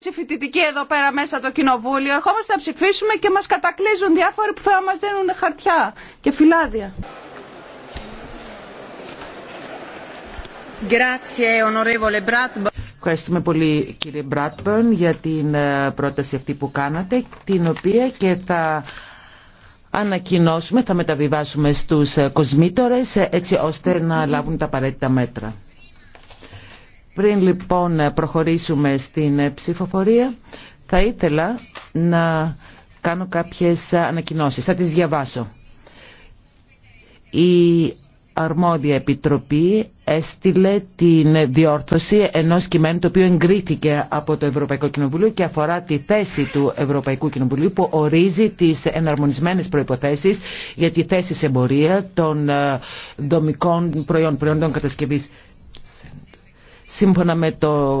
Ψηφιτητική εδώ πέρα μέσα το κοινοβούλιο. Ερχόμαστε να ψηφίσουμε και μας κατακλείζουν διάφοροι που θα μας δίνουν χαρτιά και φυλάδια. Ευχαριστούμε πολύ κύριε Μπράτμπερν για την ε, πρόταση αυτή που κάνατε, την οποία και θα ανακοινώσουμε, θα μεταβιβάσουμε στους ε, κοσμήτορες ε, έτσι ώστε να λάβουν τα απαραίτητα μέτρα. Πριν λοιπόν προχωρήσουμε στην ψηφοφορία, θα ήθελα να κάνω κάποιες ανακοινώσεις. Θα τις διαβάσω. Η αρμόδια επιτροπή έστειλε την διόρθωση ενός κειμένου το οποίο εγκρίθηκε από το Ευρωπαϊκό Κοινοβούλιο και αφορά τη θέση του Ευρωπαϊκού Κοινοβουλίου που ορίζει τις εναρμονισμένες προϋποθέσεις για τη θέση σε εμπορία των ε, δομικών προϊόν, προϊόντων κατασκευής Σύμφωνα με το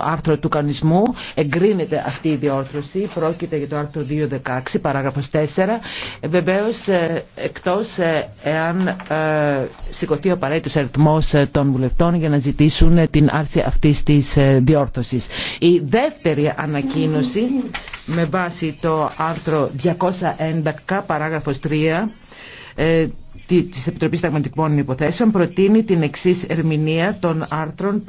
άρθρο του κανονισμού εγκρίνεται αυτή η διόρθρωση. Πρόκειται για το άρθρο 216 παράγραφος 4. Ε, βεβαίως ε, εκτός ε, εάν σηκωθεί ο απαραίτητος αριθμός των βουλευτών για να ζητήσουν την άρση αυτής της διόρθωσης. Η δεύτερη ανακοίνωση με βάση το άρθρο 211 παράγραφος 3 Τη επιτροπή Σταγματικών Υποθέσεων προτείνει την εξή ερμηνεία των άρθρων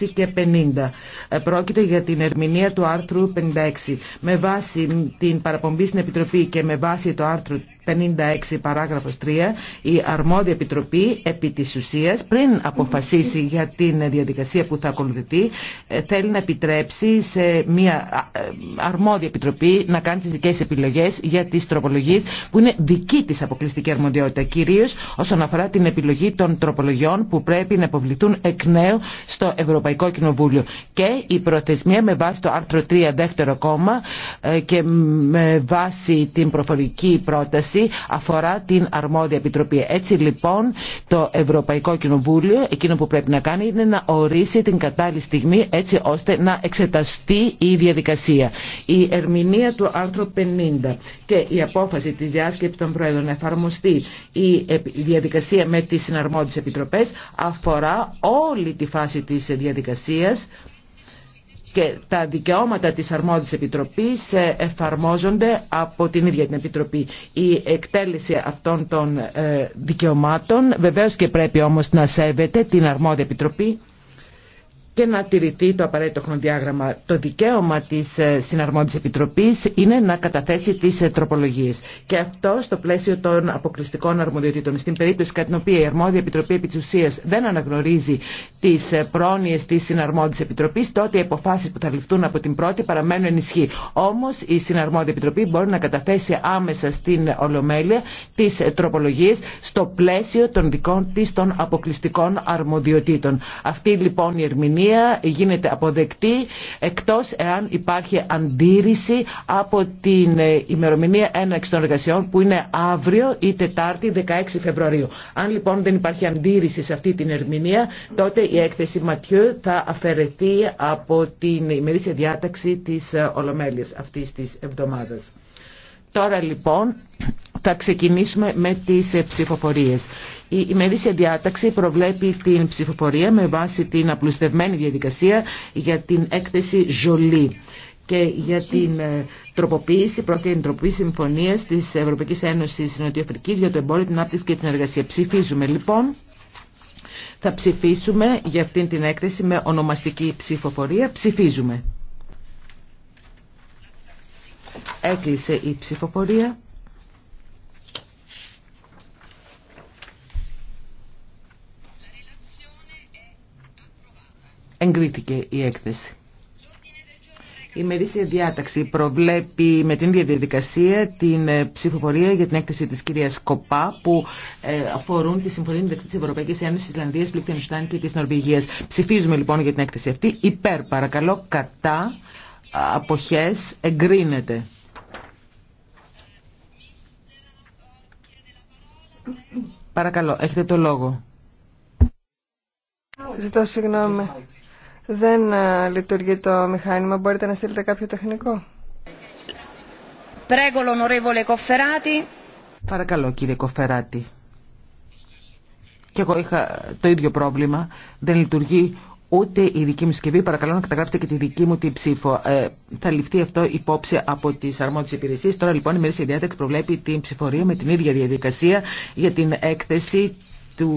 56 και 50. Ε, πρόκειται για την ερμηνεία του άρθρου 56. Με βάση την παραπομπή στην Επιτροπή και με βάση το άρθρο 56 παράγραφος 3 η αρμόδια επιτροπή επί της ουσίας πριν αποφασίσει για την διαδικασία που θα ακολουθηθεί ε, θέλει να επιτρέψει σε μια ε, αρμόδια επιτροπή να κάνει τις δικές επιλογές για τις τροπολογίες που είναι δική της αποκλειστική αρμοδιότητα κυρίως όσον αφορά την επιλογή των τροπολογιών που πρέπει να υποβληθούν εκ νέου στο Ευρωπαϊκό Κοινοβούλιο. Και η προθεσμία με βάση το άρθρο 3 δεύτερο κόμμα ε, και με βάση την προφορική πρόταση αφορά την αρμόδια επιτροπή. Έτσι λοιπόν το Ευρωπαϊκό Κοινοβούλιο εκείνο που πρέπει να κάνει είναι να ορίσει την κατάλληλη στιγμή έτσι ώστε να εξεταστεί η διαδικασία. Η ερμηνεία του άρθρου 50 και η απόφαση της διάσκεψης των Πρόεδρων να εφαρμοστεί η διαδικασία με τις συναρμόδιες επιτροπές αφορά όλη τη φάση της διαδικασίας και τα δικαιώματα της αρμόδιας επιτροπής ε, εφαρμόζονται από την ίδια την επιτροπή. Η εκτέλεση αυτών των ε, δικαιωμάτων βεβαίως και πρέπει όμως να σέβεται την αρμόδια επιτροπή και να τηρηθεί το απαραίτητο χρονοδιάγραμμα. Το δικαίωμα τη ε, συναρμόντης επιτροπή είναι να καταθέσει τι ε, τροπολογίε. Και αυτό στο πλαίσιο των αποκλειστικών αρμοδιοτήτων. Στην περίπτωση κατά την οποία η αρμόδια επιτροπή επί της δεν αναγνωρίζει τι ε, πρόνοιε τη συναρμόντης επιτροπή, τότε οι αποφάσει που θα ληφθούν από την πρώτη παραμένουν ενισχύ. Όμω η συναρμόδια επιτροπή μπορεί να καταθέσει άμεσα στην Ολομέλεια τι τροπολογίε στο πλαίσιο των δικών τη των αποκλειστικών αρμοδιοτήτων. Αυτή λοιπόν η ερμηνεία γίνεται αποδεκτή εκτός εάν υπάρχει αντίρρηση από την ε, ημερομηνία ένα των εργασιών που είναι αύριο ή Τετάρτη 16 Φεβρουαρίου. Αν λοιπόν δεν υπάρχει αντίρρηση σε αυτή την ερμηνεία τότε η έκθεση Ματιού θα αφαιρεθεί από την ημερήσια διάταξη της ε, Ολομέλειας αυτής της εβδομάδας. Τώρα λοιπόν θα ξεκινήσουμε με τις ε, ψηφοφορίες. Η ημερήσια διάταξη προβλέπει την ψηφοφορία με βάση την απλουστευμένη διαδικασία για την έκθεση «Ζολή» και για την ε, τροποποίηση, πρώτη τροποποίηση συμφωνία τη Ευρωπαϊκή Ένωση Νοτιοαφρική για το εμπόριο, την άπτυξη και την συνεργασία. Ψηφίζουμε λοιπόν. Θα ψηφίσουμε για αυτήν την έκθεση με ονομαστική ψηφοφορία. Ψηφίζουμε. Έκλεισε η ψηφοφορία. εγκρίθηκε η έκθεση. Η μερίσια διάταξη προβλέπει με την διαδικασία την ε, ψηφοφορία για την έκθεση της κυρίας Κοπά που ε, αφορούν τη συμφωνία μεταξύ της Ευρωπαϊκής Ένωσης, της Ισλανδίας, Λιχτενστάν και της Νορβηγίας. Ψηφίζουμε λοιπόν για την έκθεση αυτή. Υπέρ παρακαλώ, κατά, αποχές, εγκρίνεται. Παρακαλώ, έχετε το λόγο. Ζητώ συγγνώμη. Δεν ε, λειτουργεί το μηχάνημα. Μπορείτε να στείλετε κάποιο τεχνικό. Κοφεράτη. Παρακαλώ κύριε Κοφεράτη. Και εγώ είχα το ίδιο πρόβλημα. Δεν λειτουργεί ούτε η δική μου συσκευή. Παρακαλώ να καταγράψετε και τη δική μου την ψήφο. Ε, θα ληφθεί αυτό υπόψη από τι αρμόδιε υπηρεσίε. Τώρα λοιπόν η μερίσια διάταξη προβλέπει την ψηφορία με την ίδια διαδικασία για την έκθεση